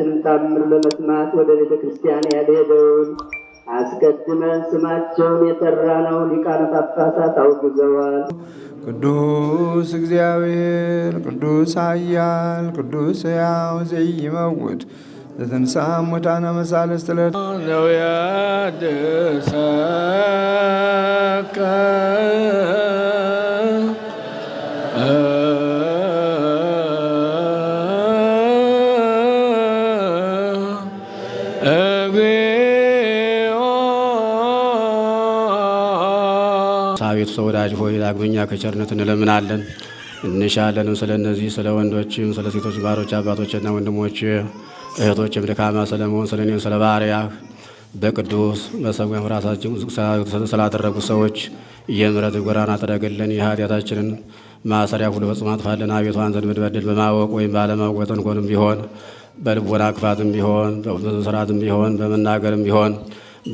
የጌታችንን ታምር ለመስማት ወደ ቤተ ክርስቲያን ያልሄደውን አስቀድመን ስማቸውን የጠራነው ሊቃነ ጳጳሳት አውግዘዋል። ቅዱስ እግዚአብሔር ቅዱስ ኃያል ቅዱስ ሕያው ዘይመውት ዘተንሥአ እሙታነ መሳልስት ዕለት ሳቤቱ ሰው ወዳጅ ሆይ ዳግመኛ ከቸርነት እንለምናለን እንሻለንም ስለ እነዚህ ስለ ወንዶችም ስለ ሴቶች ባሮች አባቶችና ወንድሞች እህቶችም ድካማ ስለመሆን ስለ እኔም ስለ ባሪያህ በቅዱስ መሰዊያም ራሳችን ስላደረጉ ሰዎች የምረት ጎራና ጥረግልን የኃጢአታችንን ማሰሪያ ሁሉ ፈጽሞ አጥፋልን። አቤቱ አንተን ብንበድል በማወቅ ወይም ባለማወቅ በተንኮልም ቢሆን በልቦና ክፋትም ቢሆን በስርዓትም ቢሆን በመናገርም ቢሆን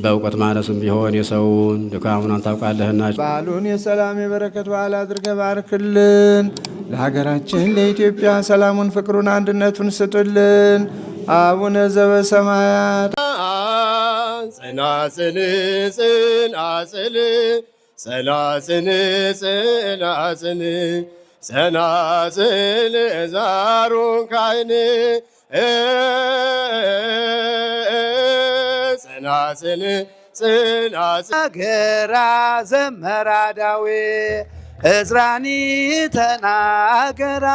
በእውቀት ማነስም ቢሆን የሰውን ድካሙን ታውቃለህና በዓሉን የሰላም የበረከት በዓል አድርገ ባርክልን። ለሀገራችን ለኢትዮጵያ ሰላሙን፣ ፍቅሩን፣ አንድነቱን ስጥልን። አቡነ ዘበሰማያት ጽናጽል ጽናጽል ጸናጽል ጸናጽል ጸናጽል ዛሩን ካይን ጽናጽል ገራ ዘመራ ዳዌ እዝራኒ ተናገራ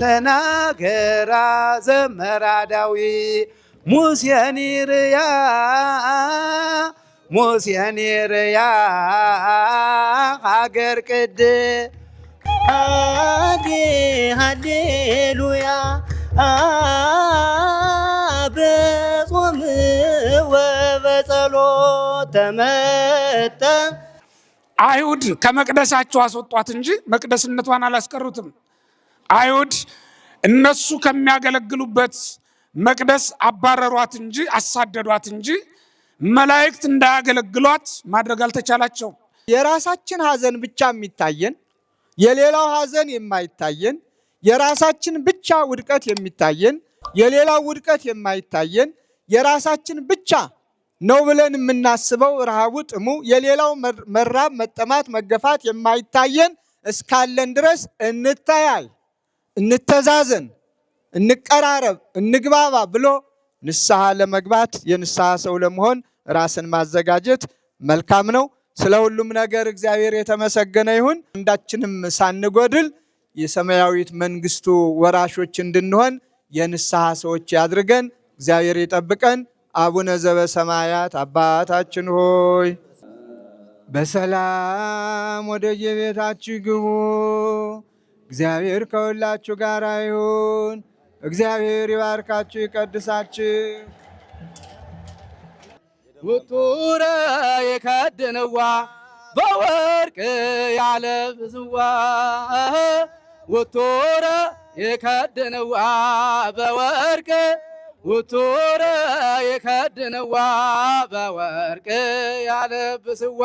ተናገራ ዘመራ ዳዊ ሙሴኒ ርያ ሙሴኒ ርያ ሀገር ቅድ ሃሌ ሃሌሉያ መጣ። አይሁድ ከመቅደሳቸው አስወጧት እንጂ መቅደስነቷን አላስቀሩትም። አይሁድ እነሱ ከሚያገለግሉበት መቅደስ አባረሯት እንጂ አሳደዷት እንጂ መላእክት እንዳያገለግሏት ማድረግ አልተቻላቸውም። የራሳችን ሐዘን ብቻ የሚታየን የሌላው ሐዘን የማይታየን የራሳችን ብቻ ውድቀት የሚታየን የሌላው ውድቀት የማይታየን የራሳችን ብቻ ነው ብለን የምናስበው ረሃቡ፣ ጥሙ፣ የሌላው መራብ፣ መጠማት፣ መገፋት የማይታየን እስካለን ድረስ እንታያይ፣ እንተዛዘን፣ እንቀራረብ፣ እንግባባ ብሎ ንስሐ ለመግባት የንስሐ ሰው ለመሆን ራስን ማዘጋጀት መልካም ነው። ስለ ሁሉም ነገር እግዚአብሔር የተመሰገነ ይሁን። አንዳችንም ሳንጎድል የሰማያዊት መንግስቱ ወራሾች እንድንሆን የንስሐ ሰዎች ያድርገን። እግዚአብሔር ይጠብቀን። አቡነ ዘበሰማያት አባታችን ሆይ በሰላም ወደ የቤታችሁ ግቡ። እግዚአብሔር ከሁላችሁ ጋር ይሁን። እግዚአብሔር ይባርካችሁ፣ ይቀድሳችሁ። ውቱረ የከድንዋ በወርቅ ያለብዝዋ ውቱረ የከድንዋ በወርቅ ውቱረ የከድንዋ በወርቅ ያለብስዋ